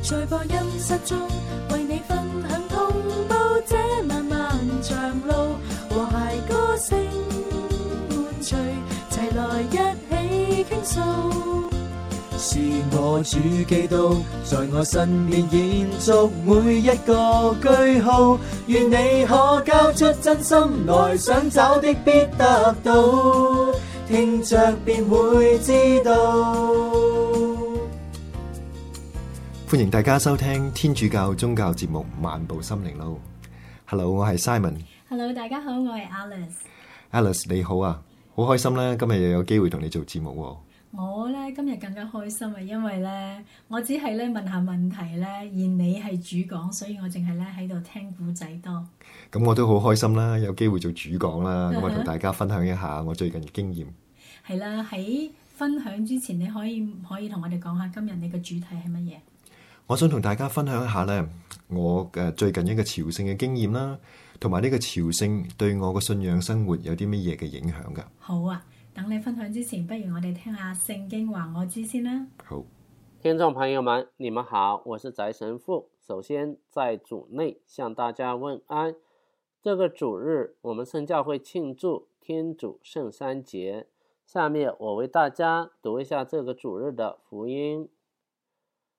在播音室中，為你分享同走這漫漫長路，和諧歌聲伴隨，齊來一起傾訴。是我主基督在我身邊延續每一個句號，願你可交出真心來，想找的必得到，聽着，便會知道。歡迎大家收聽天主教宗教節目《漫步心靈路》。Hello，我係 Simon。Hello，大家好，我係 Alice。Alice，你好啊，好開心啦，啊！今日又有機會同你做節目，啊。我咧今日更加開心啊，因為咧我只係咧問下問題咧，而你係主講，所以我淨係咧喺度聽古仔多。咁我都好開心啦，啊，有機會做主講啦，啊，咁我同大家分享一下我最近嘅經驗。係啦， 喺分享之前，你可以可以同我哋講下今日你嘅主題係乜嘢？.我想同大家分享一下咧，我嘅最近一個朝聖嘅經驗啦，同埋呢個朝聖對我嘅信仰生活有啲乜嘢嘅影響㗎。好啊，等你分享之前，不如我哋聽下聖經話我知先啦。好，聽眾朋友們，你們好，我是翟神父。首先在主內向大家問安。這個主日，我們聖教會慶祝天主聖三節。下面我為大家讀一下這個主日的福音。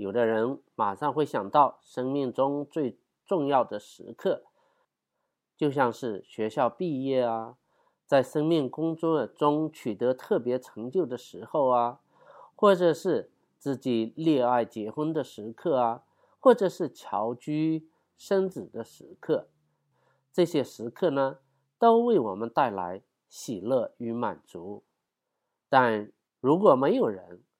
有的人馬上會想到生命中最重要的時刻，就像是學校畢業啊，在生命工作中取得特別成就的時候啊，或者是自己戀愛結婚的時刻啊，或者是僑居生子的時刻，這些時刻呢，都為我們帶來喜樂與滿足。但如果沒有人，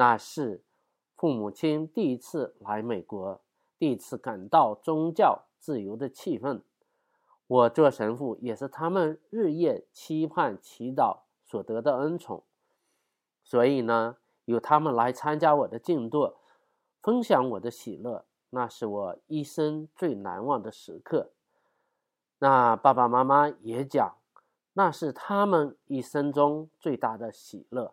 那是父母親第一次來美國，第一次感到宗教自由的氣氛。我做神父也是他們日夜期盼祈禱所得的恩寵，所以呢，有他們來參加我的敬座，分享我的喜樂，那是我一生最難忘的時刻。那爸爸媽媽也講，那是他們一生中最大的喜樂。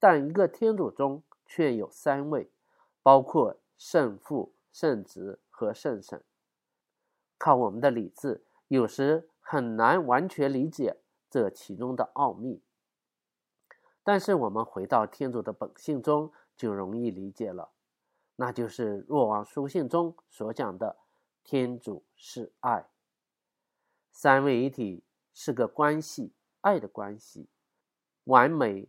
但一個天主中卻有三位，包括聖父、聖子和聖神。靠我們的理智有時很難完全理解這其中的奧秘，但是我們回到天主的本性中就容易理解了，那就是若望書信中所講的天主是愛，三位一體是個關係，愛的關係，完美。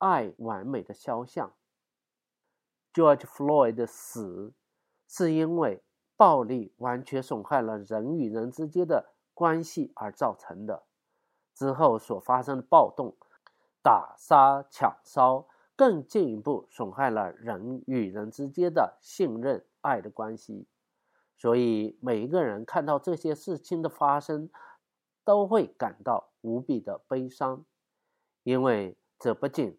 愛完美的肖像。George Floyd 的死是因為暴力完全損害了人與人之間的關係而造成的，之後所發生的暴動、打殺、搶燒，更進一步損害了人與人之間的信任、愛的關係。所以每一個人看到這些事情的發生，都會感到無比的悲傷，因為這不僅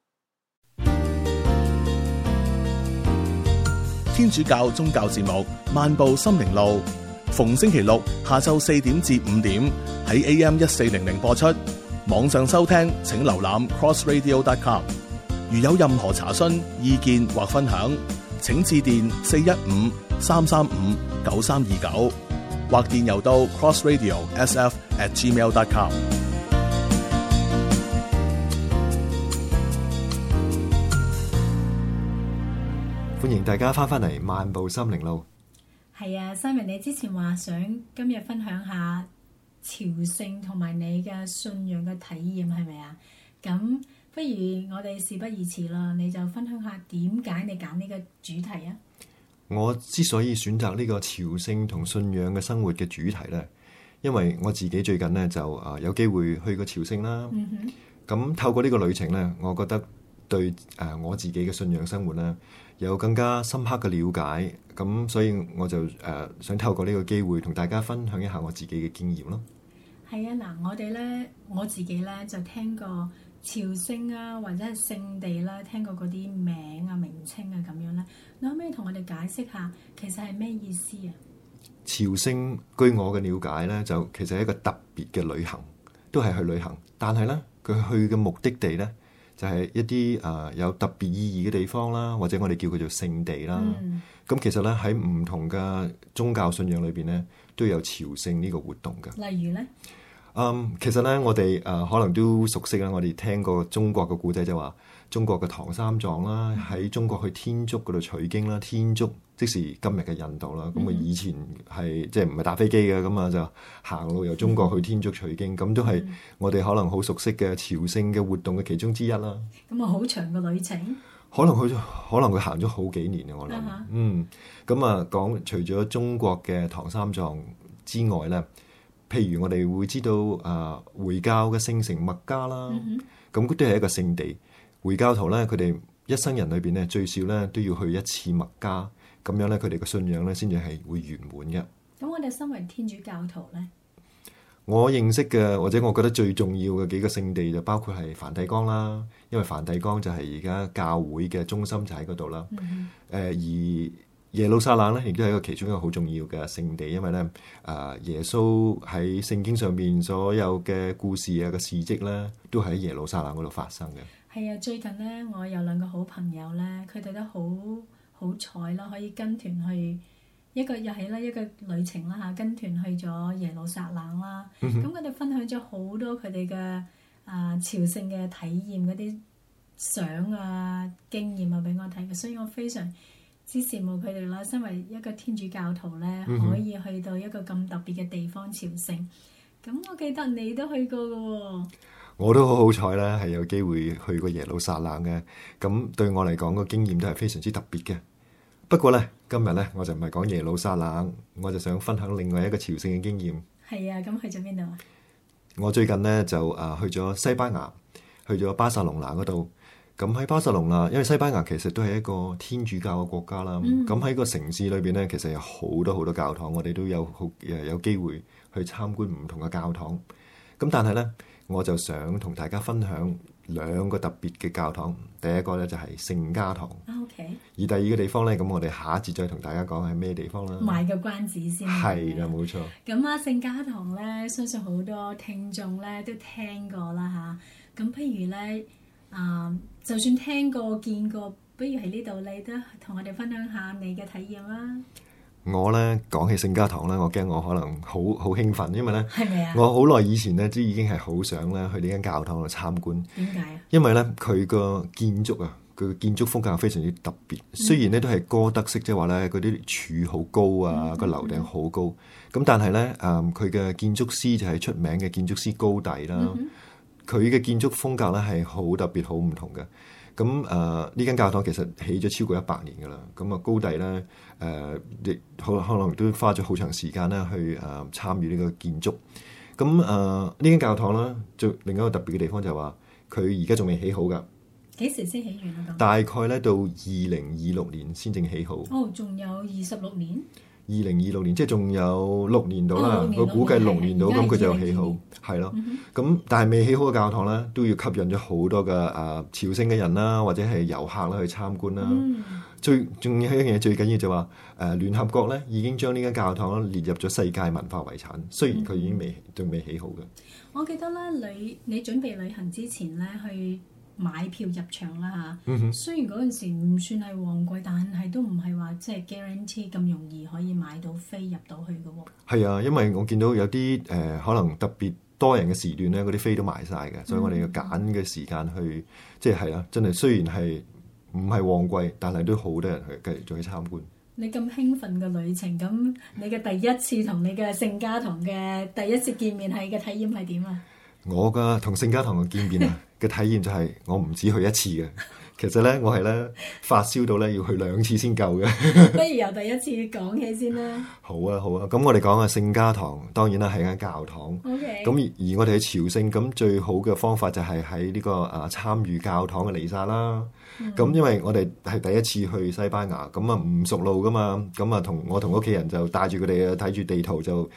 天主教宗教節目《漫步心靈路》，逢星期六下晝四點至五點喺 AM 一四零零播出。網上收聽請瀏覽 crossradio.com。如有任何查詢、意見或分享，請致電四一五三三五九三二九，或電郵到 crossradiosf@gmail.com。歡迎大家翻返嚟《漫步心靈路》。係啊，Simon，你之前話想今日分享下朝聖同埋你嘅信仰嘅體驗，係咪啊？咁不如我哋事不宜遲啦，你就分享下點解你揀呢個主題啊？我之所以選擇呢個朝聖同信仰嘅生活嘅主題呢，因為我自己最近呢就啊有機會去過朝聖啦。咁、mm hmm. 透過呢個旅程呢，我覺得對誒、呃、我自己嘅信仰生活呢。有更加深刻嘅了解，咁所以我就誒、呃、想透過呢個機會同大家分享一下我自己嘅經驗咯。係啊，嗱，我哋咧我自己咧就聽過朝聖啊，或者係聖地啦，聽過嗰啲名啊、名稱啊咁樣咧。你可唔可以同我哋解釋下其實係咩意思啊？朝聖據我嘅了解咧，就其實係一個特別嘅旅行，都係去旅行，但係咧佢去嘅目的地咧，就係一啲誒、呃、有特別意義嘅地方啦，或者我哋叫佢做聖地啦。咁、嗯、其實咧喺唔同嘅宗教信仰裏邊咧，都有朝聖呢個活動嘅。例如咧，嗯，um, 其實咧我哋誒、呃、可能都熟悉啦，我哋聽過中國嘅古仔就話、是，中國嘅唐三藏啦，喺、嗯、中國去天竺嗰度取經啦，天竺。即是今日嘅印度啦，咁啊，以前係即係唔係搭飛機嘅，咁啊，嗯、就行路由中國去天竺取經，咁、嗯、都係我哋可能好熟悉嘅朝聖嘅活動嘅其中之一啦。咁啊，好長嘅旅程，可能去咗，可能佢行咗好幾年嘅，我諗、uh huh. 嗯咁啊。講除咗中國嘅唐三藏之外咧，譬如我哋會知道啊，回教嘅聖城麥加啦，咁、uh huh. 都係一個聖地。回教徒咧，佢哋一生人裏邊咧最少咧都要去一次麥加。咁樣咧，佢哋嘅信仰咧，先至係會圓滿嘅。咁我哋身為天主教徒咧，我認識嘅或者我覺得最重要嘅幾個聖地就包括係梵蒂岡啦，因為梵蒂岡就係而家教會嘅中心就喺嗰度啦。誒、嗯、而耶路撒冷咧，亦都係一個其中一個好重要嘅聖地，因為咧啊，耶穌喺聖經上邊所有嘅故事啊嘅事蹟咧，都喺耶路撒冷嗰度發生嘅。係啊，最近咧，我有兩個好朋友咧，佢哋都好。好彩啦，可以跟團去一個日係啦，一個旅程啦嚇，跟團去咗耶路撒冷啦。咁佢哋分享咗好多佢哋嘅啊朝聖嘅體驗，嗰啲相啊經驗啊俾我睇，所以我非常之羨慕佢哋啦。身為一個天主教徒咧，嗯、哼可以去到一個咁特別嘅地方朝聖。咁我記得你都去過嘅喎、哦，我都好好彩啦，係有機會去過耶路撒冷嘅。咁對我嚟講，個經驗都係非常之特別嘅。不過咧，今日咧我就唔係講耶路撒冷，我就想分享另外一個朝聖嘅經驗。係啊，咁去咗邊度啊？我最近咧就啊去咗西班牙，去咗巴塞隆拿嗰度。咁喺巴塞隆拿，因為西班牙其實都係一個天主教嘅國家啦。咁喺、嗯、個城市裏邊咧，其實有好多好多教堂，我哋都有好誒有機會去參觀唔同嘅教堂。咁但係咧，我就想同大家分享，兩個特別嘅教堂，第一個咧就係聖家堂。OK。而第二個地方咧，咁我哋下一節再同大家講係咩地方啦。賣個關子先。係啦，冇錯。咁啊，聖家堂咧，相信好多聽眾咧都聽過啦吓，咁、啊、譬如咧，啊，就算聽過見過，不如喺呢度你都同我哋分享下你嘅體驗啦。我咧，講起聖家堂咧，我驚我可能好好興奮，因為咧，嗎我好耐以前咧，都已經係好想咧去呢間教堂度參觀。點解？因為咧，佢個建築啊，佢嘅建築風格非常之特別。雖然咧都係哥德式，即係話咧，啲柱好高啊，個樓頂好高。咁、嗯嗯、但係咧，誒、嗯，佢嘅建築師就係出名嘅建築師高第啦。佢嘅建築風格咧係好特別，好唔同嘅。咁誒，呢間教堂其實起咗超過一百年噶啦，咁啊，高第咧，誒亦好可能都花咗好長時間咧去誒參與呢個建築。咁誒呢間教堂咧，就另一個特別嘅地方就係話，佢而家仲未起好噶。幾時先起完呢？大概咧到二零二六年先正起好。哦，仲有二十六年。二零二六年，即係仲有六年到啦。佢估計六年到，咁佢就起好係咯。咁但係未起好嘅教堂啦，都要吸引咗好多嘅啊朝聖嘅人啦，或者係遊客啦去參觀啦、嗯哼。最仲有一樣嘢最緊要就話誒，聯合國咧已經將呢間教堂咧列入咗世界文化遺產。雖然佢已經未仲、嗯、哼未起好嘅，我記得咧，你你準備旅行之前咧去。買票入場啦吓，雖然嗰陣時唔算係旺季，但係都唔係話即係 guarantee 咁容易可以買到飛入到去嘅喎。係啊，因為我見到有啲誒、呃、可能特別多人嘅時段咧，嗰啲飛都賣晒嘅，所以我哋要揀嘅時間去，嗯、即係係啊，真係雖然係唔係旺季，但係都好多人去繼續去參觀。你咁興奮嘅旅程，咁你嘅第一次同你嘅聖家堂嘅第一次見面係嘅體驗係點啊？我嘅同聖家堂嘅見面啊！ 嘅體驗就係我唔止去一次嘅，其實咧我係咧發燒到咧要去兩次先夠嘅。 不如由第一次講起先啦，啊。好啊好啊，咁我哋講下聖家堂，當然啦係間教堂。咁 Okay. 而，而我哋去朝聖，咁最好嘅方法就係喺呢個啊參與教堂嘅離散啦。咁，mm. 因為我哋係第一次去西班牙，咁啊唔熟路噶嘛，咁啊同我同屋企人就帶住佢哋睇住地圖就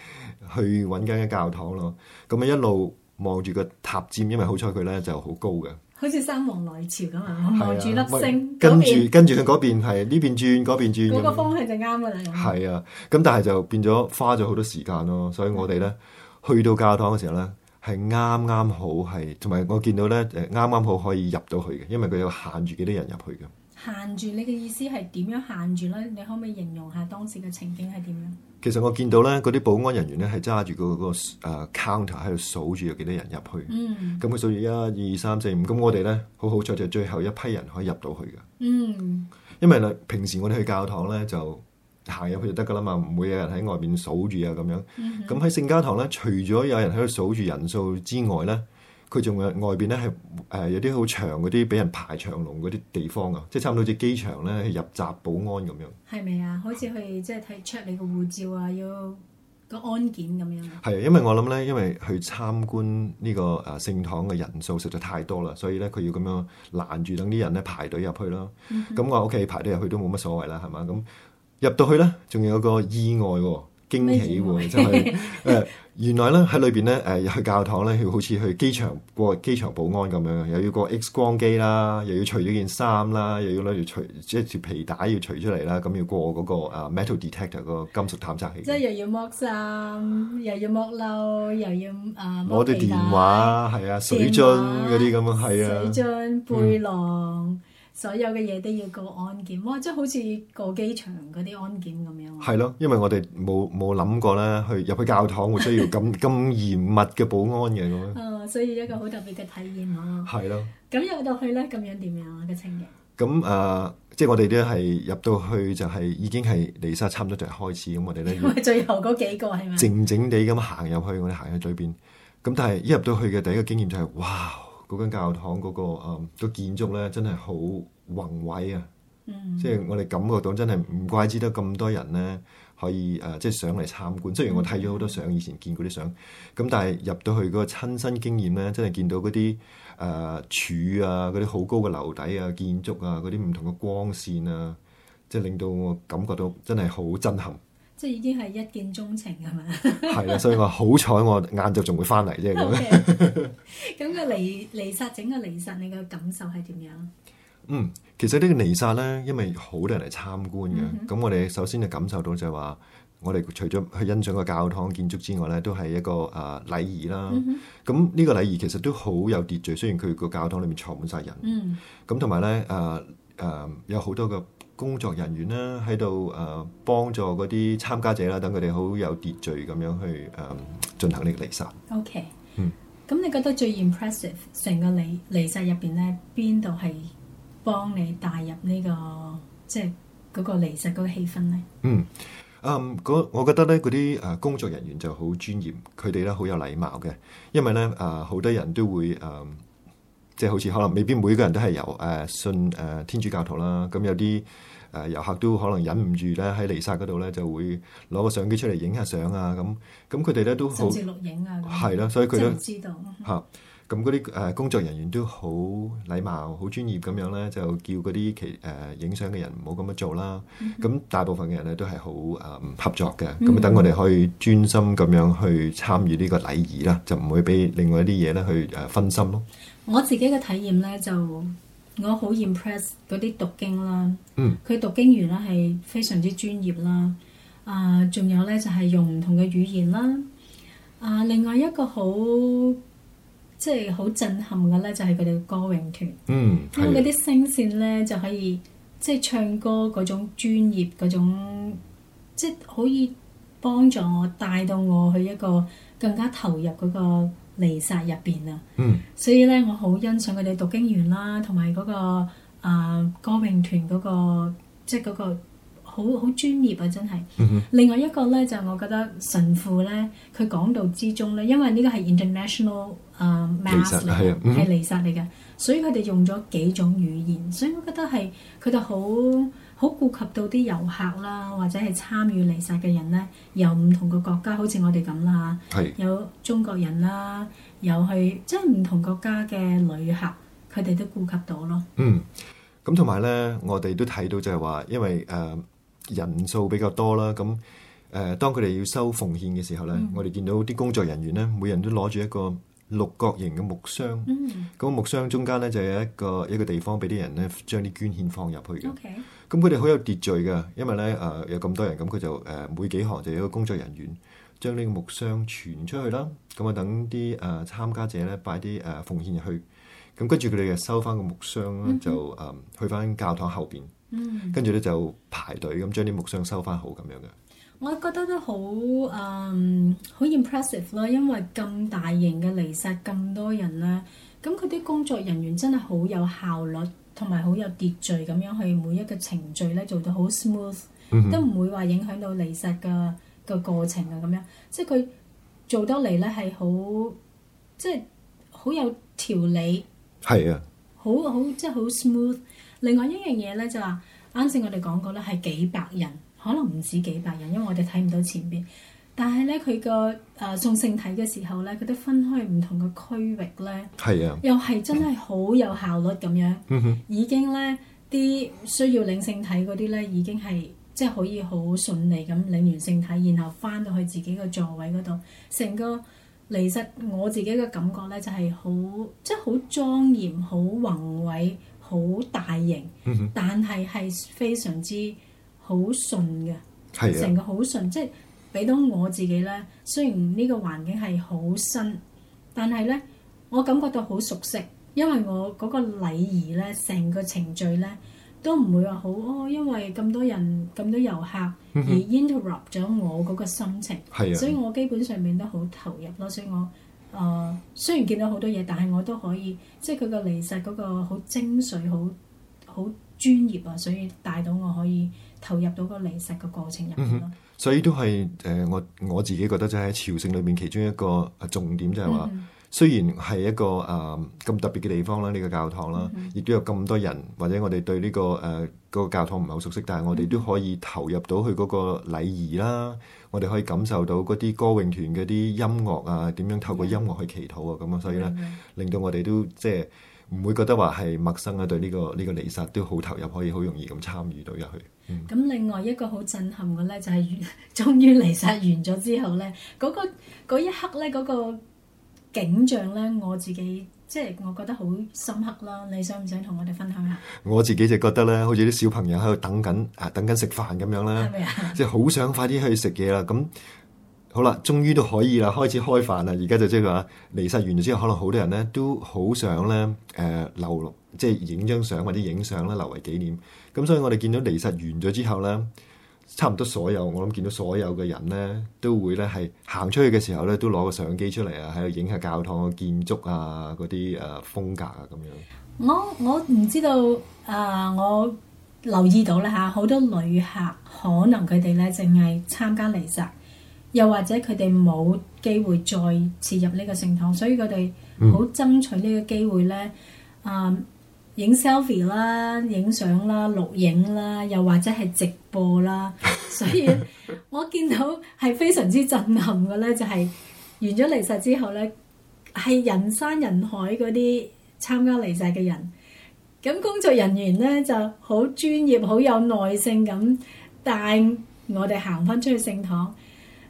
去揾間教堂咯。咁啊一路。望住個塔尖，因為好彩佢咧就高好高嘅，好似三王來朝咁啊！望住粒星跟住着邊跟住向嗰邊係呢邊轉，嗰 邊轉，嗰個方向就啱噶啦。係啊，咁但係就變咗花咗好多時間咯。所以我哋咧去到教堂嘅時候咧，係啱啱好係，同埋我見到咧誒啱啱好可以入到去嘅，因為佢有限住幾多人入去嘅。限住你嘅意思係點樣限住咧？你可唔可以形容下當時嘅情景係點樣？其實我見到咧，嗰啲保安人員咧係揸住個、嗰個、呃 counter 喺度數住有幾多人入去。嗯。咁佢數住一、二、三、四、五，咁我哋咧好好彩就最後一批人可以入到去嘅。嗯。因為咧，平時我哋去教堂咧就行入去就得噶啦嘛，唔會有人喺外面數住啊咁樣。咁喺、嗯、哼聖家堂咧，除咗有人喺度數住人數之外咧。佢仲有外邊咧係誒有啲好長嗰啲，俾人排長龍嗰啲地方啊，即係差唔多似機場咧入閘保安咁樣。係咪啊？好似係即係睇 check 你個護照啊，要個安檢咁樣。係啊，因為我諗咧，因為去參觀呢、呢個誒、呃、聖堂嘅人數實在太多啦，所以咧佢要咁樣攔住等啲人咧排隊入去咯。咁 我屋企、OK，排隊入去都冇乜所謂啦，係嘛？咁入到去咧，仲有個意外喎。驚喜喎，就係、是 呃、原來咧喺裏邊咧誒去教堂咧，要好似去機場過機場保安咁樣，又要過 X 光機啦，又要除咗件衫啦，又要攞住除即係條皮帶要除出嚟啦，咁要過嗰個啊 metal detector 個金屬探測器，即係又要剝衫、啊又要剝，又要剝褸，又要啊剝攞對電話係啊水樽嗰啲咁啊，係話啊水樽背囊。嗯所有嘅嘢都要過安檢，即係好似過機場嗰啲安檢咁樣。係咯，因為我哋冇冇諗過啦，去入去教堂會需要咁咁 嚴密嘅保安嘅咁樣。所以一個好特別嘅體驗喎。係咯的。咁入到去咧，咁樣點樣嘅情景？咁誒、呃，即係我哋都係入到去就係已經係離曬差唔多就係開始，咁我哋咧。 最後嗰幾個係咪？靜靜地咁行入去，我哋行去最邊。咁但係一入到去嘅第一個經驗就係、是，哇！嗰間教堂嗰、嗰個誒、嗯嗰個、建築咧，真係好宏偉啊！Mm hmm. 即係我哋感覺到真係唔怪之得咁多人咧，可以誒、呃，即係上嚟參觀。雖然我睇咗好多相，以前見過啲相，咁但係入到去嗰個親身經驗咧，真係見到嗰啲誒柱啊、嗰啲好高嘅樓底啊、建築啊、嗰啲唔同嘅光線啊，即係令到我感覺到真係好震撼。即係已經係一見鍾情係嘛？係啊， 所以我好彩我晏晝仲會翻嚟啫。咁嘅彌彌撒整個彌撒，你嘅感受係點樣？嗯，其實個呢個彌撒咧，因為好多人嚟參觀嘅，咁、嗯、哼我哋首先就感受到就係話，我哋除咗去欣賞個教堂建築之外咧，都係一個誒禮儀啦。咁呢、嗯、哼個禮儀其實都好有秩序，雖然佢個教堂裡面坐滿晒人。咁同埋咧，誒誒有好、呃呃、多個工作人員啦，喺度誒幫助嗰啲參加者啦，等佢哋好有秩序咁樣去誒進、呃、行呢個離世。OK，嗯，咁你覺得最 impressive 成個離離世入邊咧，邊度係幫你帶入呢、這個即係嗰個離世嗰個氣氛咧、嗯？嗯，誒，我覺得咧嗰啲誒工作人員就好專業，佢哋咧好有禮貌嘅，因為咧誒好多人都會誒。呃即係好似可能未必每個人都係由誒、呃、信誒、呃、天主教徒啦，咁、嗯、有啲誒、呃、遊客都可能忍唔住咧喺尼撒嗰度咧，就會攞個相機出嚟影下相啊咁。咁佢哋咧都好，甚至錄影啊，係咯，所以佢都嚇咁嗰啲誒工作人員都好禮貌、好專業咁樣咧，就叫嗰啲其誒影相嘅人唔好咁樣做啦。咁、mm hmm. 大部分嘅人咧都係好誒合作嘅，咁等、mm hmm. 我哋可以專心咁樣去參與呢個禮儀啦，就唔會俾另外一啲嘢咧去誒分心咯。我自己嘅體驗咧，就我好 impress 嗰啲讀經啦，佢、嗯、讀經員咧係非常之專業啦。啊、呃，仲有咧就係、是、用唔同嘅語言啦。啊、呃，另外一個好即係好震撼嘅咧，就係佢哋嘅歌詠團，嗯、因為嗰啲聲線咧的就可以即係、就是、唱歌嗰種專業嗰種，即係可以幫助我帶到我去一個更加投入嗰、那個。離殺入邊啊！面嗯、所以咧，我好欣賞佢哋讀經員啦，同埋嗰個啊歌詠團嗰個，即係嗰個好好、就是那個、專業啊！真係。嗯嗯、另外一個咧，就是、我覺得神父咧，佢講道之中咧，因為呢個係 International、呃、莎啊 Mass 嚟，係彌撒嚟嘅，所以佢哋用咗幾種語言，所以我覺得係佢哋好。好顧及到啲遊客啦，或者係參與彌撒嘅人咧，由唔同嘅國家，好似我哋咁啦嚇，是有中國人啦，有去即係唔同國家嘅旅客，佢哋都顧及到咯。嗯，咁同埋咧，我哋都睇到就係話，因為誒、呃、人數比較多啦，咁誒、呃、當佢哋要收奉獻嘅時候咧，嗯、我哋見到啲工作人員咧，每人都攞住一個六角形嘅木箱，咁、嗯、個木箱中間咧就有一個一個地方俾啲人咧將啲捐獻放入去嘅。Okay. 咁佢哋好有秩序嘅，因為咧誒、呃、有咁多人，咁佢就誒、呃、每幾行就有一個工作人員將呢個木箱傳出去啦。咁啊，等啲誒參加者咧擺啲誒奉獻入去。咁跟住佢哋就收翻個木箱啦，嗯、哼就誒、呃、去翻教堂後邊。跟住咧就排隊咁將啲木箱收翻好咁樣嘅。我覺得都好誒好 impressive 咯，um, impressive, 因為咁大型嘅彌撒咁多人咧，咁佢啲工作人員真係好有效率。同埋好有秩序咁樣去每一個程序咧做到好 smooth，嗯、哼都唔會話影響到離實嘅個過程啊，咁樣，即係佢做得嚟咧係好即係好有條理，係啊的，好好即係好 smooth。另外一樣嘢咧就話啱先我哋講過咧係幾百人，可能唔止幾百人，因為我哋睇唔到前邊。但係咧，佢個誒送聖體嘅時候咧，佢都分開唔同嘅區域咧，係啊，又係真係好有效率咁樣，嗯、哼已經咧啲需要領聖體嗰啲咧，已經係即係可以好順利咁領完聖體，然後翻到去自己嘅座位嗰度，成個其實我自己嘅感覺咧，就係、是、好即係好莊嚴、好宏偉、好大型，嗯、哼但係係非常之好順嘅，成、啊、個好順即係。俾到我自己咧，雖然呢個環境係好新，但係咧，我感覺到好熟悉，因為我嗰個禮儀咧，成個程序咧都唔會話好哦，因為咁多人、咁多遊客而 interrupt 咗我嗰個心情， 所以我基本上面都好投入咯。所以我，我、呃、誒雖然見到好多嘢，但係我都可以，即係佢個禮實嗰個好精髓、好好專業啊，所以帶到我可以投入到個禮實嘅過程入面咯。 所以都係誒，我、呃、我自己覺得就喺朝聖裏面其中一個重點就，就係話雖然係一個誒咁、呃、特別嘅地方啦，呢、呢個教堂啦，亦、mm hmm. 都有咁多人，或者我哋對呢、呢個誒嗰、呃嗰個、教堂唔係好熟悉，但係我哋都可以投入到去嗰個禮儀啦，我哋可以感受到嗰啲歌詠團嗰啲音樂啊，點樣透過音樂去祈禱啊，咁啊、mm，hmm. 所以咧、mm hmm. 令到我哋都即係唔會覺得話係陌生啊，對呢、呢個呢、呢個禮撒都好投入，可以好容易咁參與到入去。咁、嗯、另外一個好震撼嘅咧，就係、是、終於離世完咗之後咧，嗰、那個、一刻咧，嗰、那個景象咧，我自己即係我覺得好深刻啦。你想唔想同我哋分享啊？我自己就覺得咧，好似啲小朋友喺度等緊啊，等緊食飯咁樣啦，係咪啊？即係好想快啲去食嘢啦。咁好啦，終於都可以啦，開始開飯啦。而家就即係話離世完咗之後，可能好多人咧都好想咧，誒、呃、留即係影張相或者影相咧，留為紀念。咁所以我哋見到彌撒完咗之後呢，差唔多所有我諗見到所有嘅人呢，都會呢，係行出去嘅時候呢，都攞個相機出嚟啊，喺度影下教堂嘅建築啊，嗰啲誒風格啊咁樣。我我唔知道誒、呃，我留意到啦嚇，好、啊、多旅客可能佢哋呢淨係參加彌撒，又或者佢哋冇機會再次入呢個聖堂，所以佢哋好爭取呢個機會呢。啊、呃。影 selfie 啦、影相啦、錄影啦，又或者係直播啦。所以，我見到係非常之震撼嘅咧，就係完咗離世之後咧，係人山人海嗰啲參加離世嘅人。咁工作人員咧就好專業、好有耐性咁帶我哋行翻出去聖堂。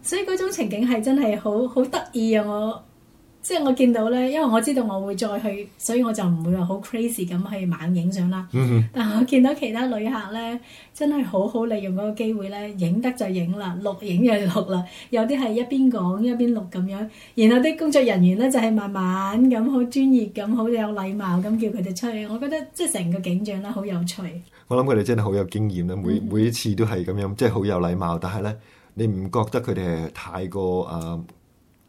所以嗰種情景係真係好好得意啊！我即係我見到呢，因為我知道我會再去，所以我就唔會話好 crazy 咁去猛影相啦。Mm hmm. 但係我見到其他旅客呢，真係好好利用嗰個機會呢，影得就影啦，錄影就錄啦。有啲係一邊講一邊錄咁樣，然後啲工作人員呢就係、是、慢慢咁，好專業咁，好有禮貌咁叫佢哋出去。我覺得即係成個景象咧好有趣。我諗佢哋真係好有經驗啦，每、mm hmm. 每一次都係咁樣，即係好有禮貌。但係呢，你唔覺得佢哋係太過啊？Uh,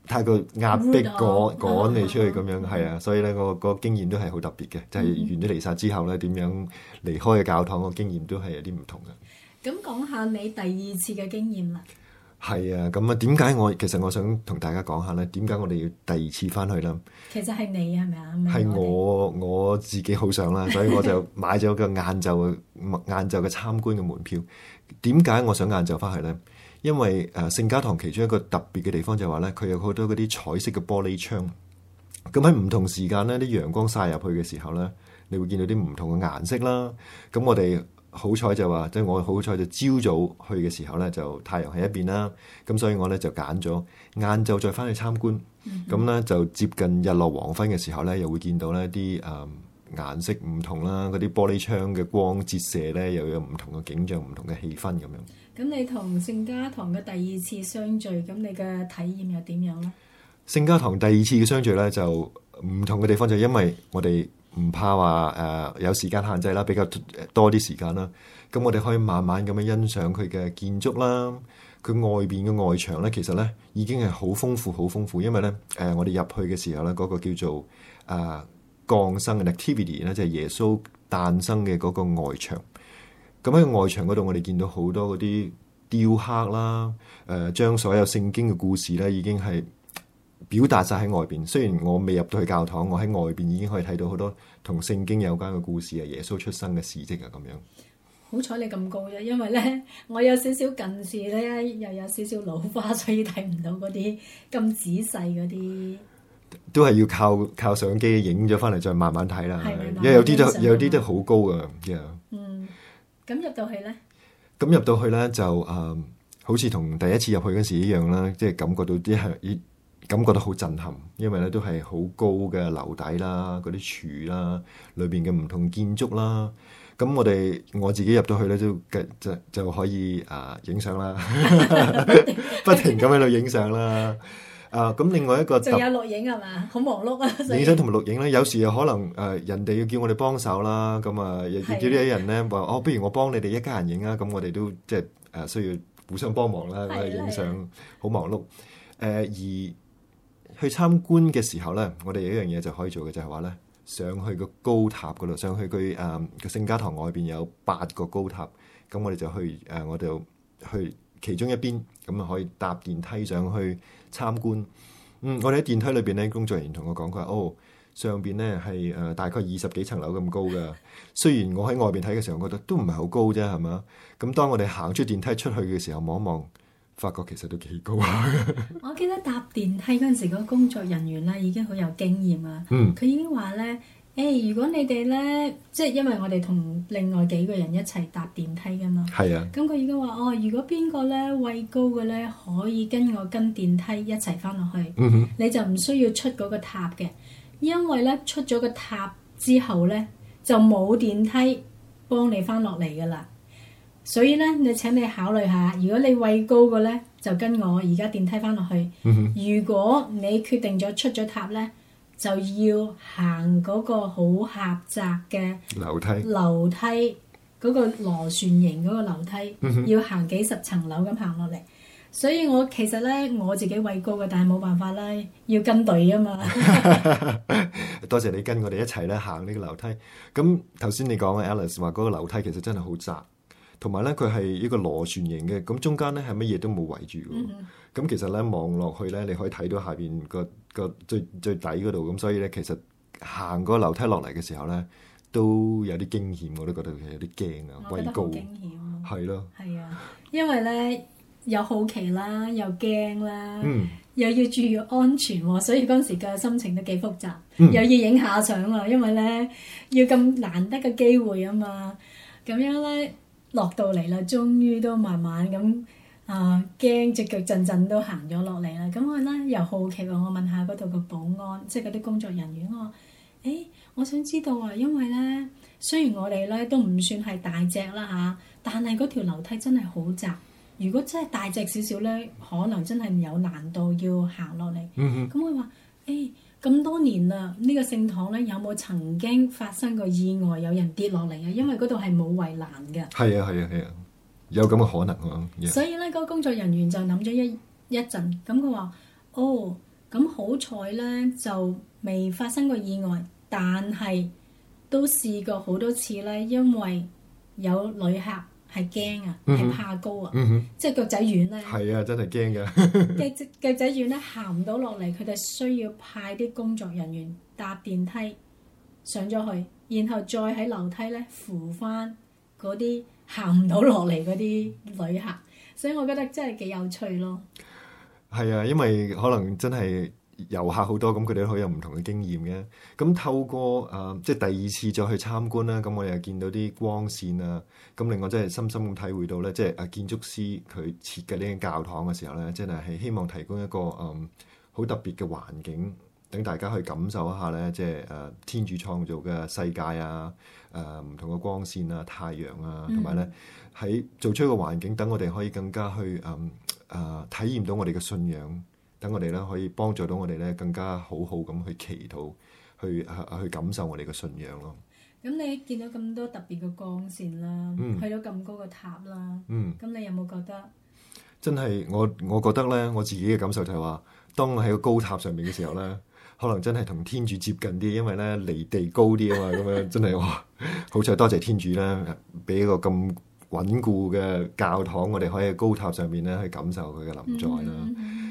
太過壓迫趕趕了你出去咁樣，係、嗯、啊，所以咧個個經驗都係好特別嘅，就係、是、完咗彌撒之後咧，點樣離開嘅教堂個經驗都係有啲唔同嘅。咁講、嗯、下你第二次嘅經驗啦。係啊，咁啊，點解，我其實我想同大家講下咧？點解我哋要第二次翻去啦？其實係你係咪啊？係我我，我自己好想啦，所以我就買咗個晏晝嘅晏晝嘅參觀嘅門票。點解我想晏晝翻去咧？因為誒，呃，聖家堂其中一個特別嘅地方就係話咧，佢有好多嗰啲彩色嘅玻璃窗，咁喺唔同時間呢，啲陽光曬入去嘅時候呢，你會見到啲唔同嘅顏色啦。咁我哋好彩就話，即係、就係、我好彩就朝早去嘅時候呢，就太陽喺一邊啦。咁所以我呢，就揀咗晏晝再翻去參觀，咁呢、mm，hmm. 就接近日落黃昏嘅時候呢，又會見到呢啲誒。呃顏色唔同啦，嗰啲玻璃窗嘅光折射呢，又有唔同嘅景象、唔同嘅氣氛咁樣。咁你同聖家堂嘅第二次相聚，咁你嘅體驗又點樣呢？聖家堂第二次嘅相聚呢，就唔同嘅地方就因為我哋唔怕話誒、呃、有時間限制啦，比較多啲時間啦。咁我哋可以慢慢咁樣欣賞佢嘅建築啦，佢外邊嘅外牆呢，其實呢已經係好豐富、好豐富，因為呢，誒、呃、我哋入去嘅時候呢，嗰個叫做誒。呃降生嘅 activity 咧，就係耶穌誕生嘅嗰個外牆。咁喺外牆嗰度，我哋見到好多嗰啲雕刻啦，誒、呃，將所有聖經嘅故事咧，已經係表達晒喺外邊。雖然我未入到去教堂，我喺外邊已經可以睇到好多同聖經有關嘅故事啊，耶穌出生嘅事跡啊，咁樣。好彩你咁高啫，因為咧，我有少少近視咧，又有少少老花，所以睇唔到嗰啲咁仔細嗰啲。都係要靠靠相機影咗翻嚟，再慢慢睇啦。嗎因為有啲都、啊、有啲都好高㗎。咁入到去呢，咁入到去呢，就、呃、誒，好似同第一次入去嗰時一樣啦，即、就、係、是、感覺到啲係，感覺得好震撼。因為呢都係好高嘅樓底啦，嗰啲柱啦，裏邊嘅唔同建築啦。咁我哋我自己入到去呢，就就就可以誒影相啦， 不停咁喺度影相啦。 啊！咁另外一個就有錄影係嘛？好忙碌啊！影相同埋錄影咧，有時又可能誒、呃、人哋要叫我哋幫手啦。咁啊，的叫啲人咧話哦，不如我幫你哋一家人影啊。咁我哋都即係誒需要互相幫忙啦。影相好忙碌誒、呃，而去參觀嘅時候咧，我哋有一樣嘢就可以做嘅，就係話咧，上去個高塔嗰度，上去佢誒個聖家堂外邊有八個高塔，咁我哋就去誒、呃，我哋就去其中一邊，咁啊可以搭電梯上去。參觀，嗯，我哋喺電梯裏邊咧，工作人員同我講，佢話：哦，上邊咧係誒大概二十幾層樓咁高嘅。雖然我喺外邊睇嘅時候，我覺得都唔係好高啫，係嘛？咁當我哋行出電梯出去嘅時候，望一望，發覺其實都幾高啊 ！我記得搭電梯嗰陣時，個工作人員咧已經好有經驗啦，嗯、佢已經話咧。誒，hey，如果你哋咧，即係因為我哋同另外幾個人一齊搭電梯噶嘛，咁佢、係啊、已經話：哦，如果邊個咧畏高嘅咧，可以跟我跟電梯一齊翻落去，嗯、哼你就唔需要出嗰個塔嘅，因為咧出咗個塔之後咧就冇電梯幫你翻落嚟噶啦。所以咧，你請你考慮下，如果你畏高嘅咧就跟我而家電梯翻落去。嗯、哼如果你決定咗出咗塔咧。就要行嗰個好狹窄嘅樓梯，樓梯嗰個螺旋形嗰個樓梯，嗯、哼要行幾十層樓咁行落嚟。所以我其實咧我自己畏高嘅，但係冇辦法啦，要跟隊啊嘛。 多謝你跟我哋一齊咧行呢個樓梯。咁頭先你講嘅 Alice 話嗰個樓梯其實真係好窄。同埋咧，佢係一個螺旋形嘅，咁中間咧係乜嘢都冇圍住嘅。咁、mm hmm. 其實咧望落去咧，你可以睇到下邊個個最最底嗰度。咁所以咧，其實行個樓梯落嚟嘅時候咧，都有啲驚險，我都覺得有啲驚啊，畏高，驚險。係咯，係啦啊，因為咧又好奇啦，又驚啦，mm hmm. 又要注意安全喎、啊。所以嗰陣時嘅心情都幾複雜，mm hmm. 又要影下相啊，因為咧要咁難得嘅機會啊嘛，咁樣咧。落到嚟啦，終於都慢慢咁啊，驚隻腳震震都行咗落嚟啦。咁我咧又好奇喎，我問下嗰度個保安，即係嗰啲工作人員我誒、哎，我想知道啊，因為咧，雖然我哋咧都唔算係大隻啦嚇、啊，但係嗰條樓梯真係好窄。如果真係大隻少少咧，可能真係有難度要行落嚟。嗯哼。咁我話誒，哎咁多年啦，呢個聖堂咧有冇曾經發生過意外，有人跌落嚟啊？因為嗰度係冇圍欄嘅。係啊係啊係啊，有咁嘅可能㗎。所以咧，嗰個工作人員就諗咗一一陣，咁佢話：哦，咁好彩咧就未發生過意外，但係都試過好多次咧，因為有旅客。係驚啊，係怕，嗯哼，怕高啊，嗯哼，即係腳仔軟咧。係啊，真係驚嘅。腳 腳仔軟咧，行唔到落嚟，佢哋需要派啲工作人員搭電梯上咗去，然後再喺樓梯咧扶翻嗰啲行唔到落嚟嗰啲旅客。所以，我覺得真係幾有趣咯。係啊，因為可能真係。遊客好多，咁佢哋都可以有唔同嘅經驗嘅。咁透過誒、呃，即係第二次再去參觀啦，咁我哋又見到啲光線啊。咁令我真係深深咁體會到咧，即係啊建築師佢設計呢間教堂嘅時候咧，真係係希望提供一個嗯好特別嘅環境，等大家去感受一下咧，即係誒天主創造嘅世界啊，誒、嗯、唔同嘅光線啊、太陽啊，同埋咧喺做出一個環境，等我哋可以更加去誒誒、嗯呃、體驗到我哋嘅信仰。等我哋咧，可以幫助到我哋咧，更加好好咁去祈禱，去去感受我哋嘅信仰咯。咁你見到咁多特別嘅光線啦，嗯、去到咁高嘅塔啦，咁、嗯、你有冇覺得？真係我，我覺得咧，我自己嘅感受就係、是、話，當我喺個高塔上面嘅時候咧， 可能真係同天主接近啲，因為咧離地高啲啊嘛，咁樣真係哇， 好彩多謝天主咧，俾一個咁。穩固嘅教堂，我哋可以喺高塔上面咧，去感受佢嘅臨在啦。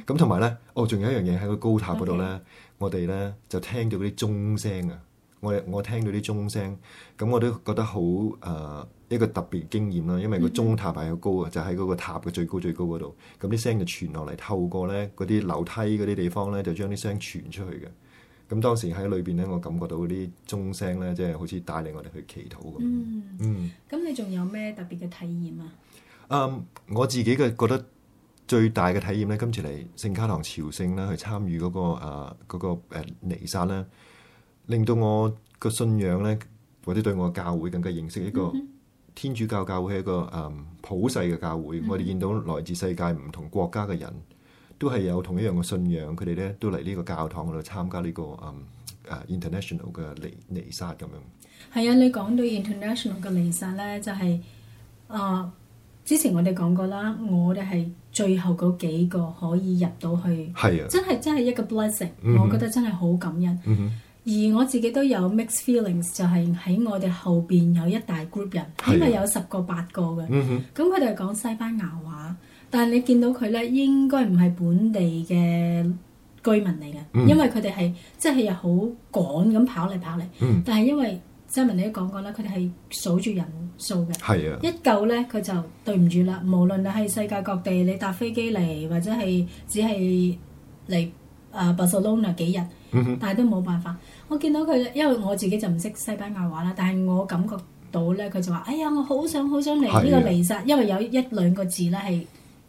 咁同埋咧，哦，仲有一樣嘢喺個高塔嗰度咧，Okay. 我哋咧就聽到啲鐘聲啊！我我聽到啲鐘聲，咁我都覺得好誒、呃、一個特別經驗啦，因為個鐘塔係好高啊，嗯嗯就喺嗰個塔嘅最高最高嗰度，咁啲聲就傳落嚟，透過咧嗰啲樓梯嗰啲地方咧，就將啲聲傳出去嘅。咁當時喺裏邊咧，我感覺到啲鐘聲咧，即係好似帶領我哋去祈禱咁。嗯，咁、嗯、你仲有咩特別嘅體驗啊？啊、嗯，我自己嘅覺得最大嘅體驗咧，今次嚟聖家堂朝聖咧，去參與嗰、那個啊嗰、那個彌、啊、撒咧，令到我個信仰咧，或者對我嘅教會更加認識一個、嗯、哼天主教教會係一個啊、嗯、普世嘅教會。嗯、哼我哋見到來自世界唔同國家嘅人。都係有同一樣嘅信仰，佢哋咧都嚟呢個教堂度參加呢、這個誒誒、um, uh, international 嘅彌彌撒咁樣。係啊，你講到 international 嘅彌撒咧，就係、是、誒、呃、之前我哋講過啦，我哋係最後嗰幾個可以入到去，啊、真係真係一個 blessing、嗯、哼我覺得真係好感恩。嗯、哼而我自己都有 mixed feelings，就係喺我哋後邊有一大 group 人，起碼、啊、有十個八個嘅，咁佢哋講西班牙話。但係你見到佢咧，應該唔係本地嘅居民嚟嘅，嗯、因為佢哋係即係又好趕咁跑嚟跑嚟。嗯、但係因為 Jeremy 你都講過啦，佢哋係數住人數嘅，的一夠咧佢就對唔住啦。無論你係世界各地，你搭飛機嚟或者係只係嚟啊巴塞隆納幾日，嗯、哼但係都冇辦法。我見到佢咧，因為我自己就唔識西班牙話啦，但係我感覺到咧，佢就話：哎呀，我好想好想嚟呢個離散，的因為有一兩個字咧係。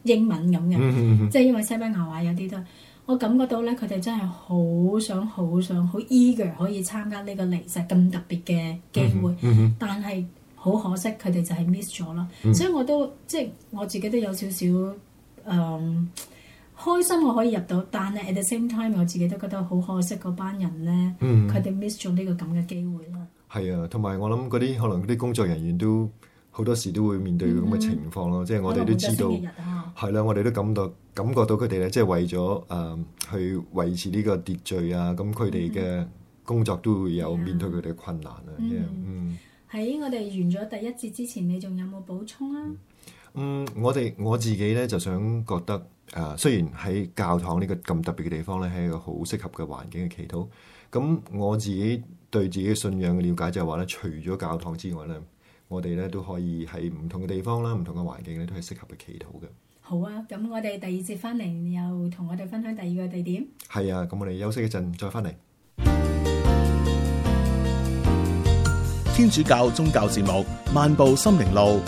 英文咁嘅， 即係因為西班牙話有啲都，我感覺到咧，佢哋真係好想、好想、好 eager 可以參加呢個離世咁特別嘅機會， 但係好可惜佢哋就係 miss 咗咯。 所以我都即係我自己都有少少誒、呃、開心我可以入到，但係 at the same time 我自己都覺得好可惜嗰班人咧，佢哋 miss 咗呢個咁嘅機會啦。係啊，同埋我諗嗰啲可能啲工作人員都好多時都會面對咁嘅情況咯， 即係我哋都知道。係啦，我哋都感到感覺到佢哋咧，即係為咗誒、呃、去維持呢個秩序啊，咁佢哋嘅工作都會有面對佢哋嘅困難啊。Yeah. Yeah. 嗯，喺我哋完咗第一節之前，你仲有冇補充啊？嗯，我哋我自己咧就想覺得誒、呃，雖然喺教堂呢個咁特別嘅地方咧，係一個好適合嘅環境嘅祈禱。咁我自己對自己嘅信仰嘅了解就係話咧，除咗教堂之外咧，我哋咧都可以喺唔同嘅地方啦、唔同嘅環境咧，都係適合嘅祈禱嘅。好啊，咁我哋第二節翻嚟又同我哋分享第二個地點。係啊，咁我哋休息一陣再翻嚟。天主教宗教節目《漫步心靈路》，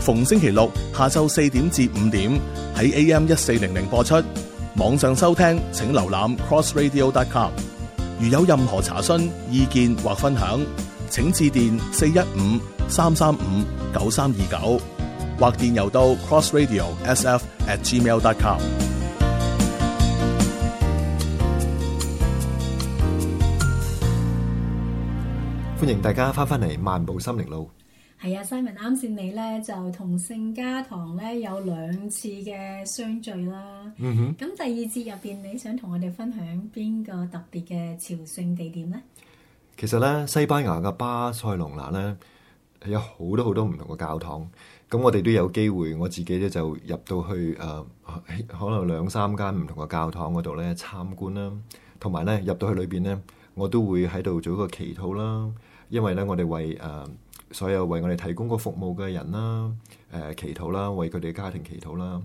逢星期六下晝四點至五點喺 AM 一四零零播出。網上收聽，請瀏覽 crossradio.com Dot。如有任何查詢、意見或分享，請致電四一五三三五九三二九。或電郵到 crossradio.sf@gmail.com，歡迎大家翻返嚟漫步心靈路。係啊，Simon 啱先你咧就同聖家堂咧有兩次嘅相聚啦。嗯哼，咁第二節入邊你想同我哋分享邊個特別嘅朝聖地點咧？其實咧，西班牙嘅巴塞隆拿咧有好多好多唔同嘅教堂。咁我哋都有機會，我自己咧就入到去誒、呃，可能兩三間唔同嘅教堂嗰度咧參觀啦，同埋咧入到去裏邊咧，我都會喺度做一個祈禱啦，因為咧我哋為誒、呃、所有為我哋提供過服務嘅人啦，誒、呃、祈禱啦，為佢哋家庭祈禱啦。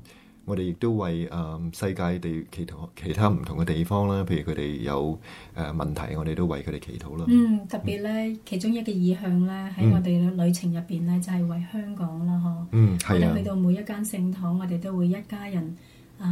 我哋亦都為誒、呃、世界地祈禱，其他唔同嘅地方啦，譬如佢哋有誒、呃、問題，我哋都為佢哋祈禱啦。嗯，特別咧，其中一個意向咧，喺我哋嘅旅程入邊咧，嗯、就係為香港啦，嗬。嗯，啊、我哋去到每一間聖堂，我哋都會一家人啊、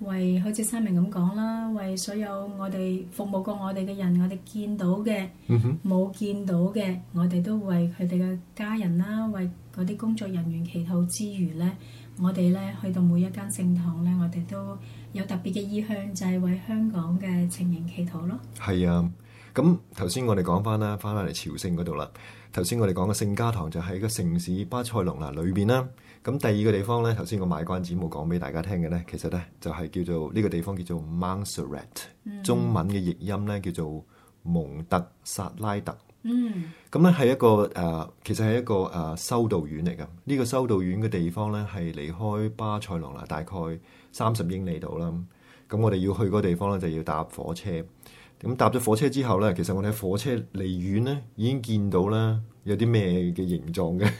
呃，為好似三明咁講啦，為所有我哋服務過我哋嘅人，我哋見到嘅，冇、嗯、哼見到嘅，我哋都為佢哋嘅家人啦，為嗰啲工作人員祈禱之餘咧。我哋咧，去到每一間聖堂咧，我哋都有特別嘅意向，就係、是、為香港嘅情形祈禱咯。係啊，咁頭先我哋講翻啦，翻翻嚟朝聖嗰度啦。頭先我哋講嘅聖家堂就喺個城市巴塞隆拿裏邊啦。咁第二個地方咧，頭先我賣關子冇講俾大家聽嘅咧，其實咧就係、是、叫做呢、這個地方叫做 Montserrat，嗯、中文嘅譯音咧叫做蒙特薩拉特。嗯，咁咧係一個誒、呃，其實係一個誒、呃、修道院嚟噶。呢、呢個修道院嘅地方咧，係離開巴塞羅那大概三十英里度啦。咁我哋要去個地方咧，就要搭火車。咁搭咗火車之後咧，其實我哋喺火車離遠咧，已經見到咧有啲咩嘅形狀嘅。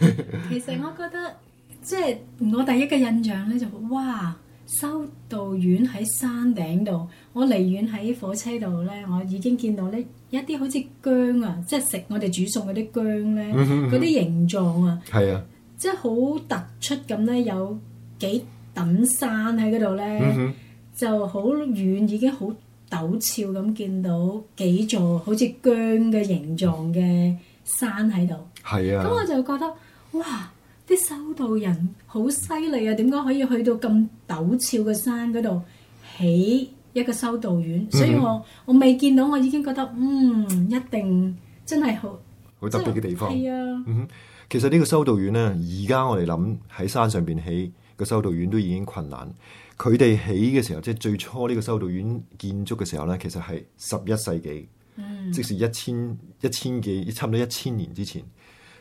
其實我覺得，嗯、即係我第一嘅印象咧，就哇！修道院喺山頂度，我離遠喺火車度呢，我已經見到一呢一啲好似薑啊，即係食我哋煮餸嗰啲薑呢，嗰啲形狀啊，即係好突出咁呢。有幾等山喺嗰度呢，嗯嗯就好遠已經好陡峭咁，見到幾座好似薑嘅形狀嘅山喺度，係啊，咁我就覺得哇！啲修道人好犀利啊！點解可以去到咁陡峭嘅山嗰度起一個修道院？嗯、所以我我未見到，我已經覺得嗯，一定真係好好特別嘅地方。係啊、嗯，其實呢個修道院呢，而家我哋諗喺山上邊起個修道院都已經困難。佢哋起嘅時候，即係最初呢個修道院建築嘅時候呢，其實係十一世紀，嗯、即係一千一千幾差唔多一千年之前。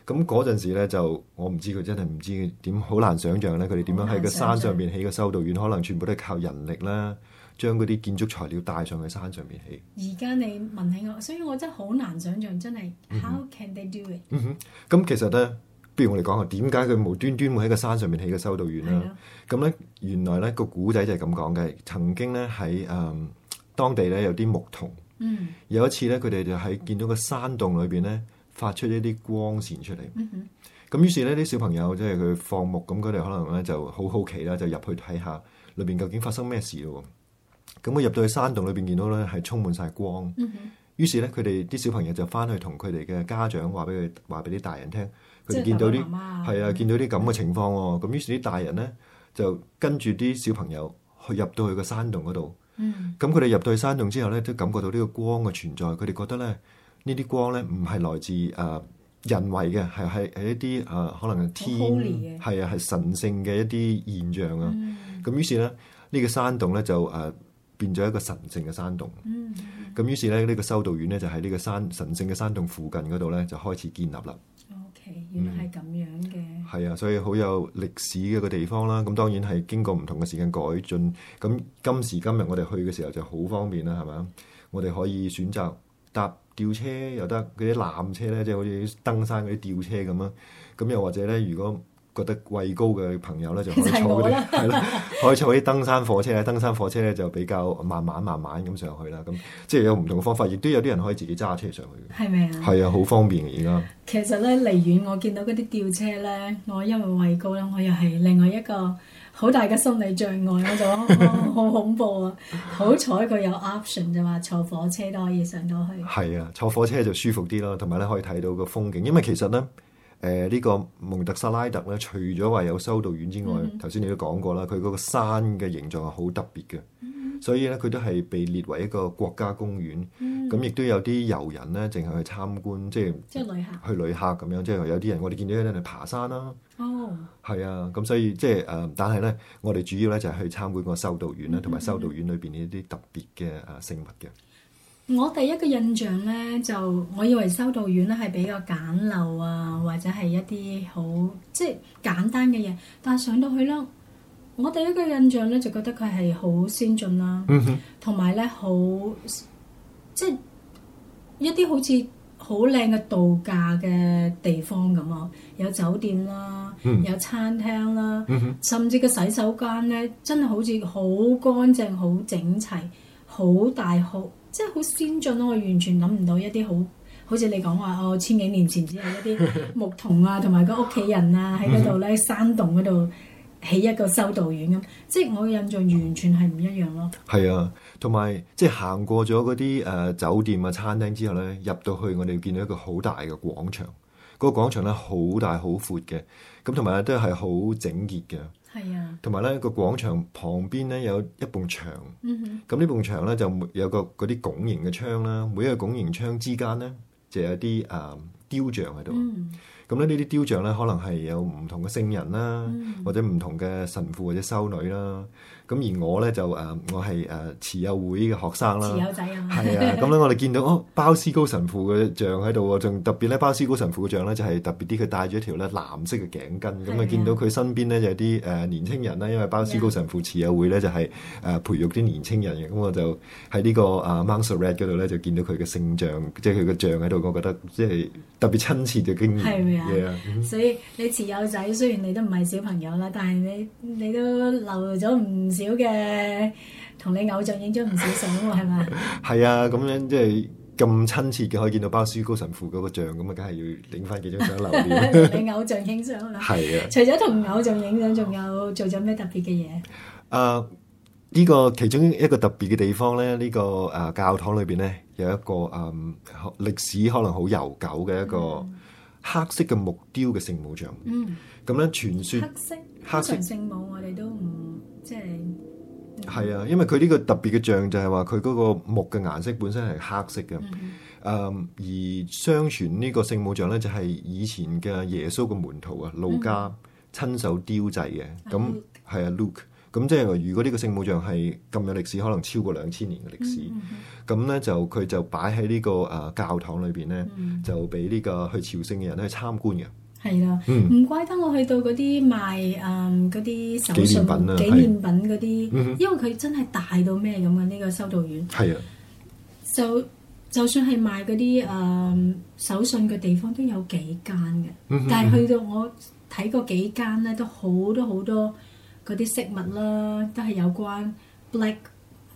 咁嗰陣時咧，就我唔知佢真係唔知點，好難想象咧，佢哋點樣喺個山上邊起個修道院，可能全部都係靠人力啦，將嗰啲建築材料帶上去山上邊起。而家你問起我，所以我真係好難想象，真係 how can they do it？咁、嗯、其實咧，不如我哋講下點解佢無端端會喺個山上邊起個修道院啦？咁咧的，原來咧個古仔就係咁講嘅。曾經咧喺誒當地咧有啲牧童，有一、嗯、有一次咧佢哋就喺見到個山洞裏邊咧。嗯發出一啲光線出嚟，咁、嗯、哼於是呢啲小朋友即係佢放牧，咁佢哋可能咧就好好奇啦，就入去睇下裏邊究竟發生咩事咯。咁佢入到去山洞裏邊見到咧係充滿晒光，嗯、哼於是咧佢哋啲小朋友就翻去同佢哋嘅家長話俾佢話俾啲大人聽，佢哋見到啲係啊見到啲咁嘅情況喎。咁、嗯、哼於是啲大人咧就跟住啲小朋友去入到去個山洞嗰度，咁佢哋入到去山洞之後咧都感覺到呢個光嘅存在，佢哋覺得咧。呢啲光咧唔係來自誒、呃、人為嘅，係係係一啲誒、呃、可能係天係啊，係神聖嘅一啲現象啊。咁、嗯、於是咧，呢、呢個山洞咧就誒變咗一個神聖嘅山洞。咁、嗯、於是咧，呢、呢個修道院咧就喺呢個山神聖嘅山洞附近嗰度咧就開始建立啦。O、okay, K，原來係咁樣嘅，係啊、嗯，所以好有歷史嘅一個地方啦。咁當然係經過唔同嘅時間改進。咁今時今日我哋去嘅時候就好方便啦，係咪？我哋可以選擇搭。吊車又得，嗰啲纜車咧，即係好似登山嗰啲吊車咁樣！咁又或者咧，如果覺得畏高嘅朋友咧，就可以坐嗰啲，係咯實， 可以坐嗰啲登山火車咧。登山火車咧就比較慢慢慢慢咁上去啦。咁即係有唔同嘅方法，亦都有啲人可以自己揸車上去嘅。係咪？啊？係啊，好方便而家。其實咧，離遠我見到嗰啲吊車咧，我因為畏高啦，我又係另外一個。好大嘅心理障礙我覺得，哦，好恐怖啊！ 好彩佢有 option 啫嘛，坐火車都可以上到去。係啊，坐火車就舒服啲咯，同埋咧可以睇到個風景。因為其實咧，誒、呃、呢、這個蒙特薩拉特咧，除咗話有修道院之外，頭先、嗯、你都講過啦，佢嗰個山嘅形狀係好特別嘅。嗯所以咧，佢都係被列為一個國家公園，咁亦、嗯、都有啲遊人咧，淨係去參觀，就是、即係即係旅客去旅客咁樣，即、就、係、是、有啲人，我哋見到有人嚟爬山啦，係啊，咁、哦啊、所以即係誒，但係咧，我哋主要咧就係去參觀個修道院啦，同埋、嗯、修道院裏邊呢啲特別嘅誒聖物嘅。我第一個印象咧，就我以為修道院咧係比較簡陋啊，或者係一啲好即係簡單嘅嘢，但係上到去囉。我第一個印象咧，就覺得佢係好先進啦，同埋咧好即係一啲好似好靚嘅度假嘅地方咁啊，有酒店啦，mm hmm. 有餐廳啦，mm hmm. 甚至個洗手間咧，真係好似好乾淨、好整齊、好大、好即係好先進咯！我完全諗唔到一啲好好似你講話哦，千幾年前只係一啲牧童啊，同埋 個屋企人啊，喺嗰度咧山洞嗰度。起一個修道院咁，即係我嘅印象完全係唔一樣咯。係啊，同埋即係行過咗嗰啲誒酒店啊、餐廳之後呢，入到去我哋見到一個好大嘅廣場。嗰個廣場呢好大好闊嘅，咁同埋都係好整潔嘅。係啊，同埋呢個廣場旁邊呢有一埲牆。嗯哼，咁呢埲牆呢，就有個嗰啲拱形嘅窗啦。每一個拱形窗之間呢，就有啲誒、呃、雕像喺度。嗯。咁咧，呢啲雕像咧，可能係有唔同嘅聖人啦，嗯、或者唔同嘅神父或者修女啦。咁而我咧就誒，我係誒慈幼會嘅學生啦。慈幼仔啊！係啊，咁咧、 嗯、我哋見到哦，鮑思高神父嘅像喺度喎，仲特別咧鮑思高神父嘅像咧就係特別啲，佢戴咗一條咧藍色嘅頸巾。咁啊嗎、嗯、見到佢身邊咧有啲誒年輕人咧，因為鮑思高神父慈幼會咧就係誒培育啲年輕人嘅。咁嗎、嗯、我就喺呢個啊 Montserrat 嗰度咧就見到佢嘅聖像，即係佢嘅像喺度。我覺得即係特別親切嘅經驗。係啊嗎，yeah, 所以你慈幼仔雖然你都唔係小朋友啦，但係你你都留咗唔～少嘅同你偶像影咗唔少相喎，係咪 吧？係啊，咁樣即係咁親切嘅，可以見到鮑思高神父嗰個像，咁啊，梗係要影翻幾張相留念。你偶像影相啦，係啊。除咗同偶像影相，仲 有做咗咩特別嘅嘢？誒、啊，呢、這個其中一個特別嘅地方咧，呢、這個誒、啊、教堂裏邊咧有一個誒歷、嗯、史可能好悠久嘅一個黑色嘅木雕嘅聖母像。嗯。咁咧傳說黑色黑色聖母我，我哋都唔。係，啊，因為佢呢個特別嘅像就係話佢嗰個木嘅顏色本身係黑色嘅，誒、mm hmm. 嗯，而相傳呢個聖母像呢，就係、是、以前嘅耶穌嘅門徒啊路加親手雕製嘅，咁係啊 Luke，咁即係如果呢個聖母像係咁有歷史，可能超過兩千年嘅歷史，咁呢、mm，hmm. 就佢就擺喺呢個誒、呃、教堂裏邊呢、mm hmm. 就俾呢個去朝聖嘅人去參觀嘅。係啦，唔、嗯、怪得我去到嗰啲賣誒嗰啲手信、紀念品嗰、啊、啲，的因為佢真係大到咩咁嘅呢個修道院，係啊的，就就算係賣嗰啲誒手信嘅地方都有幾間嘅，嗯、但係去到我睇過幾間咧，都好多好多嗰啲飾物啦，都係有關 black。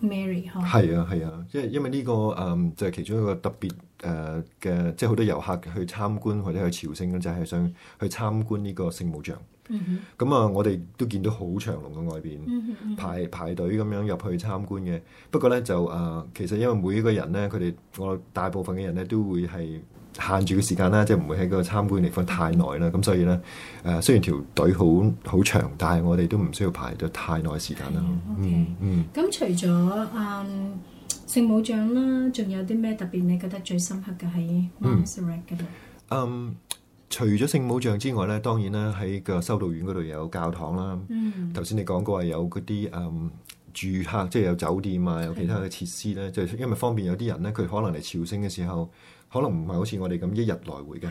係 Mary ,、okay. 啊係啊，因為因為呢個誒、嗯、就係、是、其中一個特別誒嘅，即係好多遊客去參觀或者去朝聖，就係、是、想去參觀呢個聖母像。咁啊、mm hmm. 嗯，我哋都見到好長龍嘅外邊、mm hmm. 排排隊咁樣入去參觀嘅。不過呢，就誒、呃，其實因為每一個人呢，佢哋我大部分嘅人呢，都會係。限住嘅時間啦，即係唔會喺個參觀地方太耐啦。咁所以咧，誒、呃、雖然條隊好好長，但係我哋都唔需要排咗太耐時間啦。嗯，咁除咗聖母像啦，仲有啲咩特別？你覺得最深刻嘅喺 Montserrat 嗰度？嗯，除咗聖母像之外咧，當然啦，喺個修道院嗰度有教堂啦。嗯，頭先你講過有嗰啲誒住客，即係有酒店啊，有其他嘅設施咧，的就係因為方便有啲人咧，佢可能嚟朝聖嘅時候。可能唔係好似我哋咁一日來回嘅，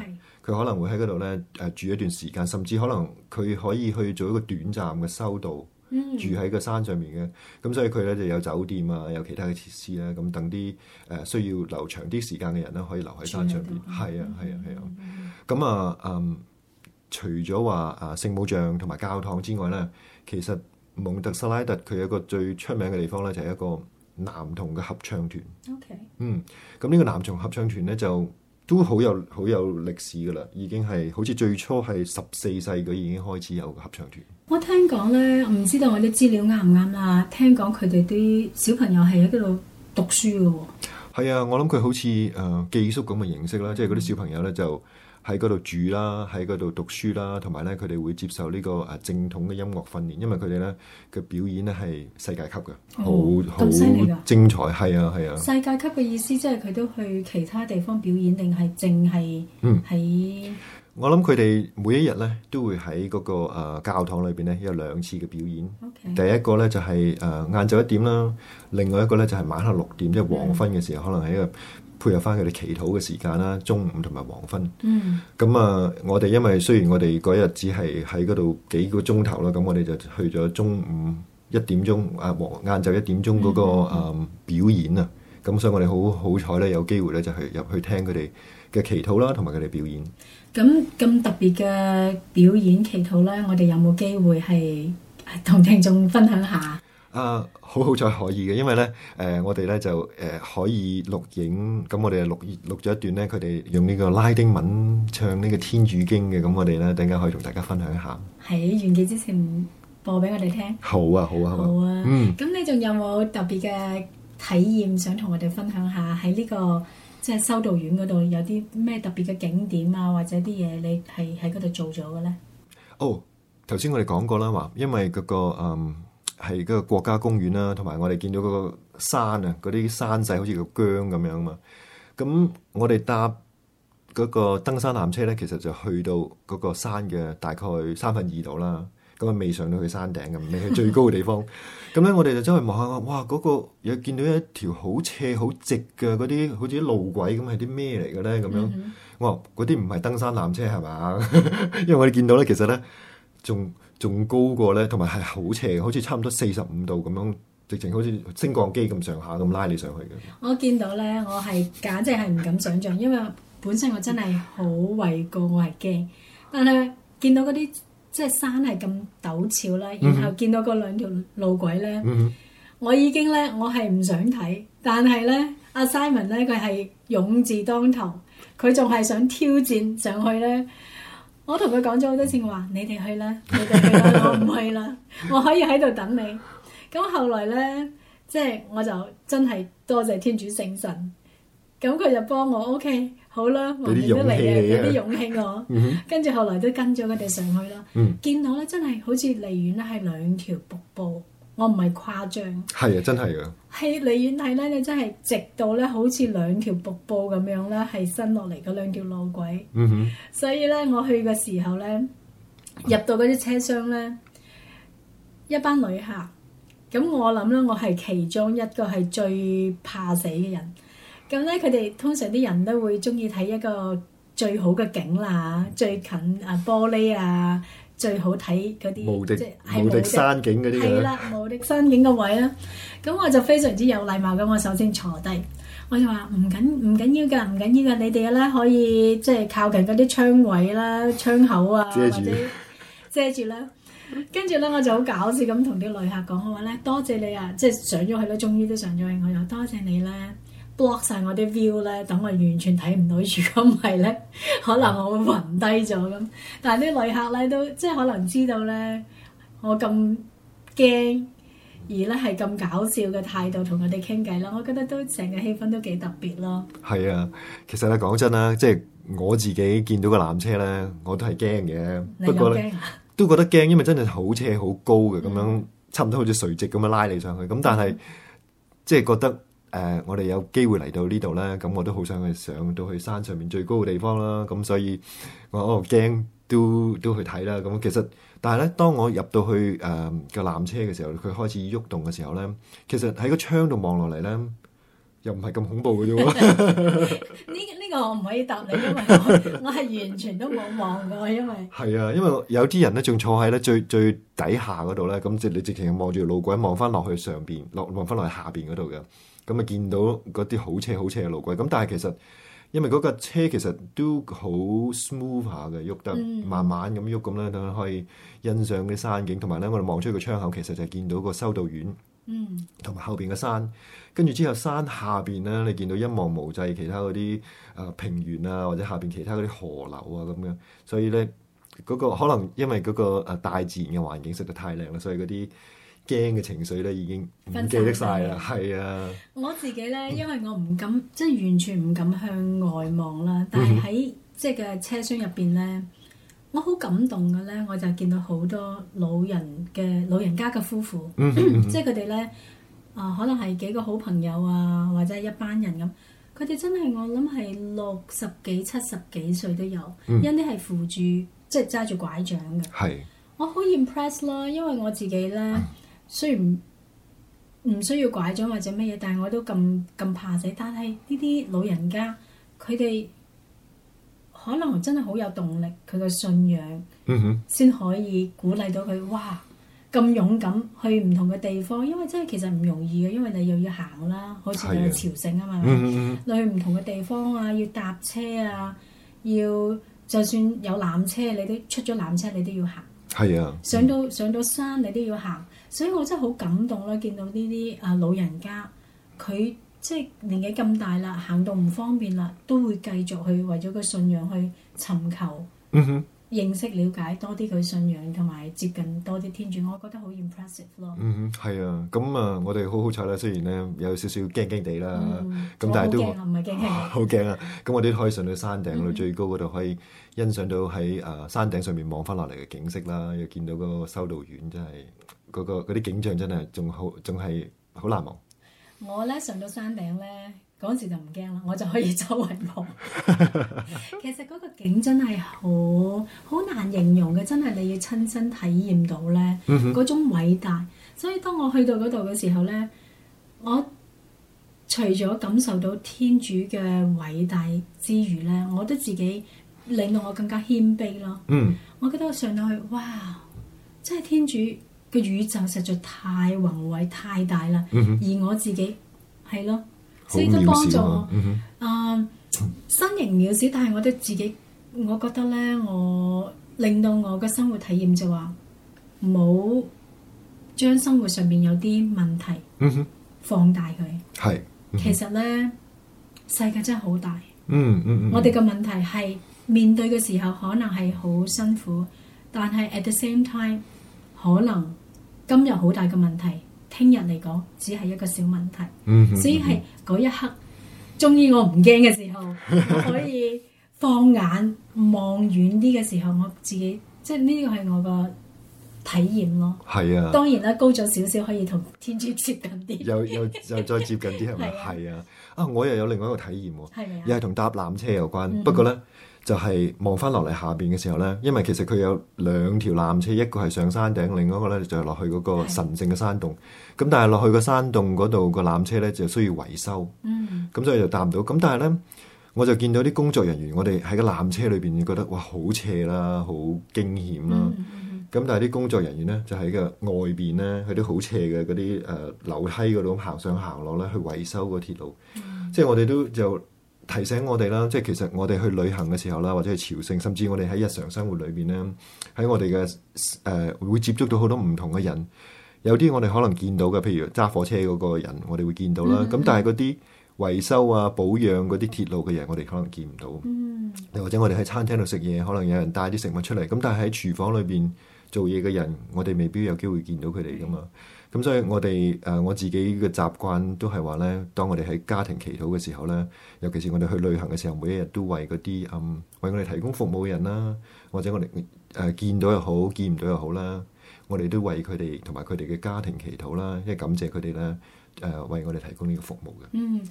佢是的 可能會喺嗰度咧誒住一段時間，甚至可能佢可以去做一個短暫嘅修道，mm hmm. 住喺個山上面嘅。咁所以佢咧就有酒店啊，有其他嘅設施咧、啊，咁等啲誒、呃、需要留長啲時間嘅人咧，可以留喺山上面。係啊，係啊，係啊。咁啊，mm hmm. 啊，嗯，除咗話啊聖母像同埋教堂之外咧，其實蒙特薩拉特佢有一個最出名嘅地方咧，就係一個。男童嘅合唱團，Okay. 嗯，咁呢個男童合唱團呢，就都好有好有歷史噶啦，已經係好似最初係十四世紀已經開始有個合唱團。我聽講呢，唔知道我啲資料啱唔啱啦。聽講佢哋啲小朋友係喺度讀書噶、哦，係啊，我諗佢好似誒、呃、寄宿咁嘅形式啦，即係嗰啲小朋友呢就。喺嗰度住啦，喺嗰度讀書啦，同埋咧佢哋會接受呢個誒正統嘅音樂訓練，因為佢哋咧嘅表演咧係世界級嘅，好好、嗯、很精彩，係啊係啊。啊，世界級嘅意思即係佢都去其他地方表演，定係淨係喺？我諗佢哋每一日咧都會喺嗰、嗰個、呃、教堂裏邊咧有兩次嘅表演。Okay. 第一個咧就係誒晏晝一點啦，另外一個咧就係、係、晚黑六點，即、就、係、係、黃昏嘅時候，Yeah. 可能喺個。配合翻佢哋祈禱嘅時間啦，中午同埋黃昏。咁啊、嗯，我哋因為雖然我哋嗰日只係喺嗰度幾個鐘頭啦，咁我哋就去咗中午一點鐘啊晏晝一點鐘嗰、嗰個表演啊，咁、嗯嗯嗯呃、所以我哋好好彩咧，有機會咧就去入去聽佢哋嘅祈禱啦，同埋佢哋表演。咁咁特別嘅表演祈禱咧，我哋有冇機會係同聽眾分享下？啊，uh, 好好彩可以嘅，因為咧，誒、呃，我哋咧就誒、呃、可以錄影，咁我哋錄錄咗一段咧，佢哋用呢個拉丁文唱呢個天主經嘅，咁我哋咧等陣可以同大家分享一下。喺完結之前播俾我哋聽。好啊，好啊，好啊。嗯，咁你仲有冇特別嘅體驗想同我哋分享下、這個？喺呢個即係修道院嗰度有啲咩特別嘅景點啊，或者啲嘢你係喺嗰度做咗嘅咧？哦、oh,，頭先我哋講過啦，話因為嗰、那個嗯。Um, 係嗰個國家公園啦，同埋我哋見到嗰個山啊，嗰啲山仔好似個薑咁樣啊嘛。咁我哋搭嗰個登山纜車咧，其實就去到嗰個山嘅大概三分二度啦。咁啊未上到去山頂咁，未去最高嘅地方。咁咧 我哋就走去望下，哇！嗰、那個有見到一條好斜好直嘅嗰啲，好似啲路軌咁，係啲咩嚟嘅咧？咁樣，我話嗰啲唔係登山纜車係嘛？ 因為我哋見到咧，其實咧仲。仲高過咧，同埋係好斜，好似差唔多四十五度咁樣，直情好似升降機咁上下咁拉你上去嘅。我見到咧，我係簡直係唔敢想像，因為本身我真係好畏高，我係驚。但係見到嗰啲即係山係咁陡峭啦，然後見到嗰兩條路軌咧，嗯、哼我已經咧我係唔想睇。但係咧，阿、啊、Simon 咧佢係勇字當頭，佢仲係想挑戰上去咧。我同佢講咗好多次話，你哋去啦，你哋 去啦，我唔去啦，我可以喺度等你。咁後來咧，即係我就真係多謝天主聖神，咁佢就幫我 OK 好啦，我哋都嚟啊，有啲勇氣我。跟住 後來都跟咗佢哋上去啦， 見到咧真係好似離遠咧係兩條瀑布。我唔係誇張，係啊，真係㗎。係離遠睇咧，你真係直到咧，好似兩條瀑布咁樣咧，係伸落嚟嗰兩條路軌。嗯哼。所以咧，我去嘅時候咧，入到嗰啲車廂咧，一班旅客，咁我諗咧，我係其中一個係最怕死嘅人。咁咧，佢哋通常啲人都會鍾意睇一個最好嘅景啦，最近啊玻璃啊。最好睇嗰啲，無敵，即係無敵山景嗰啲啦。係啦，無敵山景個位啦。咁我就非常之有禮貌咁，我首先坐低。我就話唔緊唔緊要㗎，唔緊要㗎，你哋咧可以即係靠近嗰啲窗位啦、窗口啊，或者遮住啦。跟住咧，我就好搞笑咁同啲旅客講嘅話咧，多謝你啊！即係上咗去啦，終於都上咗去，我又多謝你咧。block 曬我啲 view 咧，等我完全睇唔到。如果唔係咧，可能我會暈低咗咁。但係啲旅客咧都即係可能知道咧，我咁驚而咧係咁搞笑嘅態度同佢哋傾偈啦，我覺得都成個氣氛都幾特別咯。係啊，其實咧講真啦，即係我自己見到個纜車咧，我都係驚嘅。你又驚都覺得驚，因為真係好車好高嘅，咁樣、嗯、差唔多好似垂直咁樣拉你上去。咁但係即係覺得。誒，我哋有機會嚟到呢度咧，咁我都好想去上到去山上面最高嘅地方啦。咁所以我驚都都去睇啦。咁其實，但係咧，當我入到去誒個纜車嘅時候，佢開始喐動嘅時候咧，其實喺個窗度望落嚟咧，又唔係咁恐怖嘅啫。呢呢個我唔可以答你，因為我我係完全都冇望過，因為係啊，因為有啲人咧仲坐喺咧最最底下嗰度咧，咁即係你直情望住路軌，望翻落去上邊，落望翻落去下邊嗰度嘅。咁咪見到嗰啲好斜好斜嘅路軌，咁但係其實因為嗰架車其實都好 smooth 下嘅，喐得慢慢咁喐咁咧，都、嗯、可以欣賞啲山景，同埋咧我哋望出個窗口，其實就係見到個修道院，嗯，同埋後邊嘅山，跟住之後山下邊咧，你見到一望無際其他嗰啲誒平原啊，或者下邊其他嗰啲河流啊咁樣，所以咧、那、嗰個可能因為嗰個大自然嘅環境實得太靚啦，所以嗰啲。驚嘅情緒咧已經唔記得晒啦，係啊！的的我自己咧，因為我唔敢，嗯、即係完全唔敢向外望啦。但係喺即係嘅車廂入邊咧，我好感動嘅咧，我就見到好多老人嘅老人家嘅夫婦，嗯嗯嗯嗯 即係佢哋咧啊，可能係幾個好朋友啊，或者係一班人咁。佢哋真係我諗係六十幾、七十幾歲都有，有啲係扶住，即係揸住拐杖嘅。係的，我好 impress 囉，因為我自己咧。 雖然唔需要拐杖或者乜嘢，但係我都咁咁怕死。但係呢啲老人家，佢哋可能真係好有動力，佢個信仰先可以鼓勵到佢。哇！咁勇敢去唔同嘅地方，因為真係其實唔容易嘅，因為你又要行啦，好似去朝聖啊嘛，的你去唔同嘅地方啊，要搭車啊，要就算有纜車，你都出咗纜車，你都要行。係啊的！上到、嗯、上到山，你都要行。所以我真係好感動啦！見到呢啲啊老人家，佢即係年紀咁大啦，行動唔方便啦，都會繼續去為咗個信仰去尋求、嗯、哼認識、了解多啲佢信仰同埋接近多啲天主，我覺得好 impressive 咯。嗯係啊，咁啊，我哋好好彩啦！雖然咧有少少驚驚地啦，咁、嗯、但係都好驚啊！咁我哋都可以上到山頂，到、嗯、哼最高嗰度可以欣賞到喺啊山頂上面望翻落嚟嘅景色啦，又見到嗰個修道院真係～嗰啲、那個、景象真係仲好，仲係好難忘。我咧上到山頂咧，嗰時就唔驚啦，我就可以周圍望。 其實嗰個景真係好好難形容嘅，真係你要親身體驗到咧嗰、嗯、哼種偉大。所以當我去到嗰度嘅時候咧，我除咗感受到天主嘅偉大之餘咧，我都自己令到我更加謙卑咯。嗯，我覺得我上到去，哇！真係天主。個宇宙實在太宏偉太大啦，mm hmm. 而我自己係咯，所以都幫助我。我、mm hmm. 呃。身形渺小，但係我都自己，我覺得呢，我令到我嘅生活體驗就話冇將生活上面有啲問題，放大佢。係、mm，hmm. 其實呢，世界真係好大。嗯、mm hmm. 嗯，我哋嘅問題係面對嘅時候可能係好辛苦，但係 at the same time 可能。今日好大嘅問題，聽日嚟講只係一個小問題，嗯嗯、所以係嗰、嗯、一刻，終於我唔驚嘅時候， 我可以放眼望遠啲嘅時候，我自己即係呢個係我個體驗咯。係啊，當然啦，高咗少少可以同天主接近啲，又又又再接近啲係咪？係 啊，啊我又有另外一個體驗喎，啊、又係同搭纜車有關，mm hmm. 不過咧。就係望翻落嚟下邊嘅時候呢，因為其實佢有兩條纜車，一個係上山頂，另一個呢就係、是、落去嗰個神聖嘅山洞。咁的但係落去個山洞嗰度個纜車呢就需要維修，咁、嗯、所以就搭唔到。咁但係呢，我就見到啲工作人員，我哋喺個纜車裏邊覺得哇好斜啦，好驚險啦。咁、嗯嗯嗯、但係啲工作人員呢，就喺個外邊呢，喺啲好斜嘅嗰啲誒樓梯嗰度行上行落呢去維修個鐵路。嗯、即係我哋都就。提醒我哋啦，即係其實我哋去旅行嘅時候啦，或者去朝聖，甚至我哋喺日常生活裏邊咧，喺我哋嘅誒會接觸到好多唔同嘅人。有啲我哋可能見到嘅，譬如揸火車嗰個人，我哋會見到啦。咁但係嗰啲維修啊、保養嗰啲鐵路嘅人，我哋可能見唔到。又或者我哋喺餐廳度食嘢，可能有人帶啲食物出嚟。咁但係喺廚房裏邊做嘢嘅人，我哋未必有機會見到佢哋㗎嘛。咁所以我，我哋誒我自己嘅習慣都係話咧，當我哋喺家庭祈禱嘅時候咧，尤其是我哋去旅行嘅時候，每一日都為嗰啲嗯為我哋提供服務嘅人啦，或者我哋誒、呃、見到又好，見唔到又好啦，我哋都為佢哋同埋佢哋嘅家庭祈禱啦，即係感謝佢哋咧誒為我哋提供呢個服務嘅。嗯，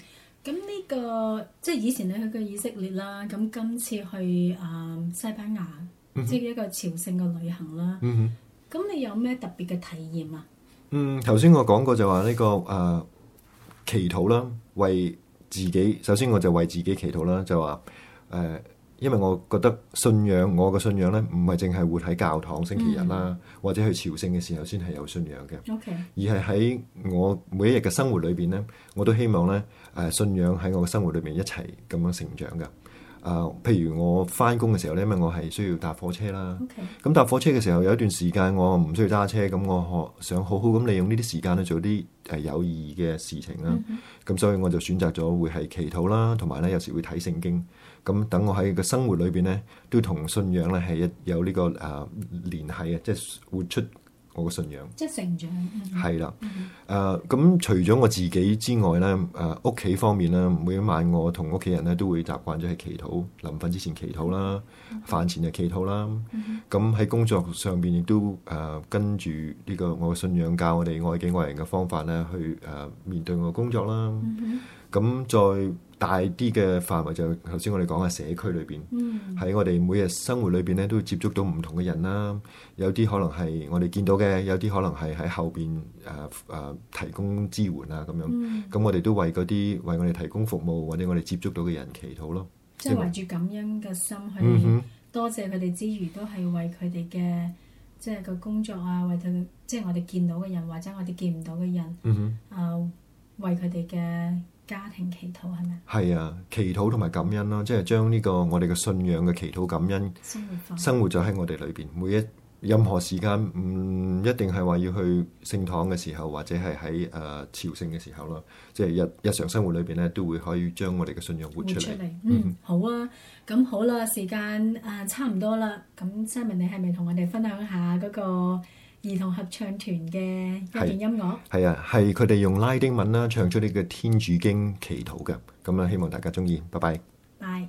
咁呢、這個即係以前你去過以色列啦，咁今次去啊、呃、西班牙，嗯、哼即係一個朝聖嘅旅行啦。咁、嗯、哼你有咩特別嘅體驗啊？嗯，頭先我講過就話呢、這個誒、呃、祈禱啦，為自己首先我就為自己祈禱啦，就話誒、呃，因為我覺得信仰我嘅信仰咧，唔係淨係活喺教堂星期日啦，嗯、或者去朝聖嘅時候先係有信仰嘅，Okay. 而係喺我每一日嘅生活裏邊咧，我都希望咧誒、呃、信仰喺我嘅生活裏面一齊咁樣成長㗎。啊、呃，譬如我翻工嘅時候咧，因為我係需要搭火車啦。咁 Okay. 搭火車嘅時候，有一段時間我唔需要揸車，咁我學想好好咁利用呢啲時間咧，做啲誒有意義嘅事情啦。咁、mm hmm. 所以我就選擇咗會係祈禱啦，同埋咧有時會睇聖經。咁等我喺個生活裏邊咧，都同信仰咧係一有呢、呢個誒聯、呃、繫嘅，即係活出我嘅信仰，即係成長係啦。誒，咁除咗我自己之外咧，誒、呃，屋企方面咧，每一晚我同屋企人咧都會習慣咗去祈禱，臨瞓之前祈禱啦，飯、嗯、前就祈禱啦。咁喺、嗯、工作上邊亦都誒、呃、跟住呢個我嘅信仰教我哋愛己愛人嘅方法咧，去誒、呃、面對我嘅工作啦。咁、嗯嗯、再。大啲嘅範圍就頭先我哋講嘅社區裏邊，喺、嗯、我哋每日生活裏邊咧，都會接觸到唔同嘅人啦。有啲可能係我哋見到嘅，有啲可能係喺後邊誒誒提供支援啊咁樣。咁、嗯、我哋都為嗰啲為我哋提供服務或者我哋接觸到嘅人祈禱咯。即係懷住感恩嘅心去、嗯、哼多謝佢哋之餘，都係為佢哋嘅即係個工作啊，為佢即係我哋見到嘅人或者我哋見唔到嘅人啊、嗯哼呃，為佢哋嘅。家庭祈禱係咪啊？係啊，祈禱同埋感恩咯，即係將呢個我哋嘅信仰嘅祈禱感恩生活生活咗喺我哋裏邊，每一任何時間唔、嗯、一定係話要去聖堂嘅時候，或者係喺誒朝聖嘅時候咯，即係日日常生活裏邊咧都會可以將我哋嘅信仰活出嚟。嗯，嗯，好啊，咁好啦、啊，時間啊差唔多啦，咁 Simon 你係咪同我哋分享下嗰、那個？兒童合唱團嘅一段音樂，係啊，係佢哋用拉丁文啦唱出呢個天主經祈禱嘅，咁啊希望大家鍾意，拜拜。拜。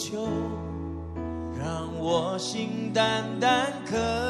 就讓我心淡淡。可。